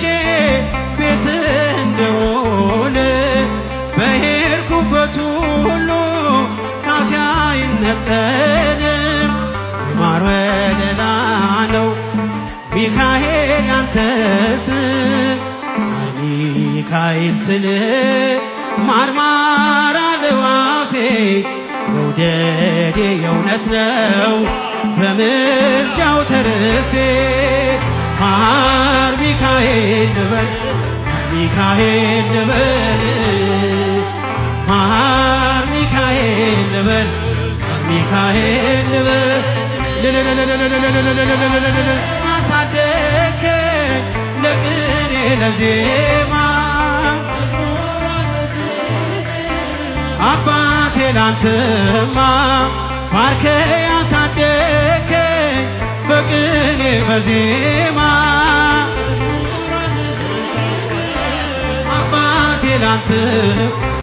ገብቼ ቤት እንደውል በሄድኩበት ሁሉ ካፌ አይነጠልም። ይማር ወለላ ነው ሚካኤል አንተ ስም ሚካኤል ስል ማርማር አለዋፌ መውደዴ የእውነት ነው በምልጃው ተርፌ ሚካኤል ንበል ሚካኤል ንበል ማር ሚካኤል ንበል ሚካኤል ንበል አሳደከኝ ለቅኔ ለዜማ አባቴ ላንተማ ባርከ ያሳደከኝ በቅኔ በዜማ ላንተ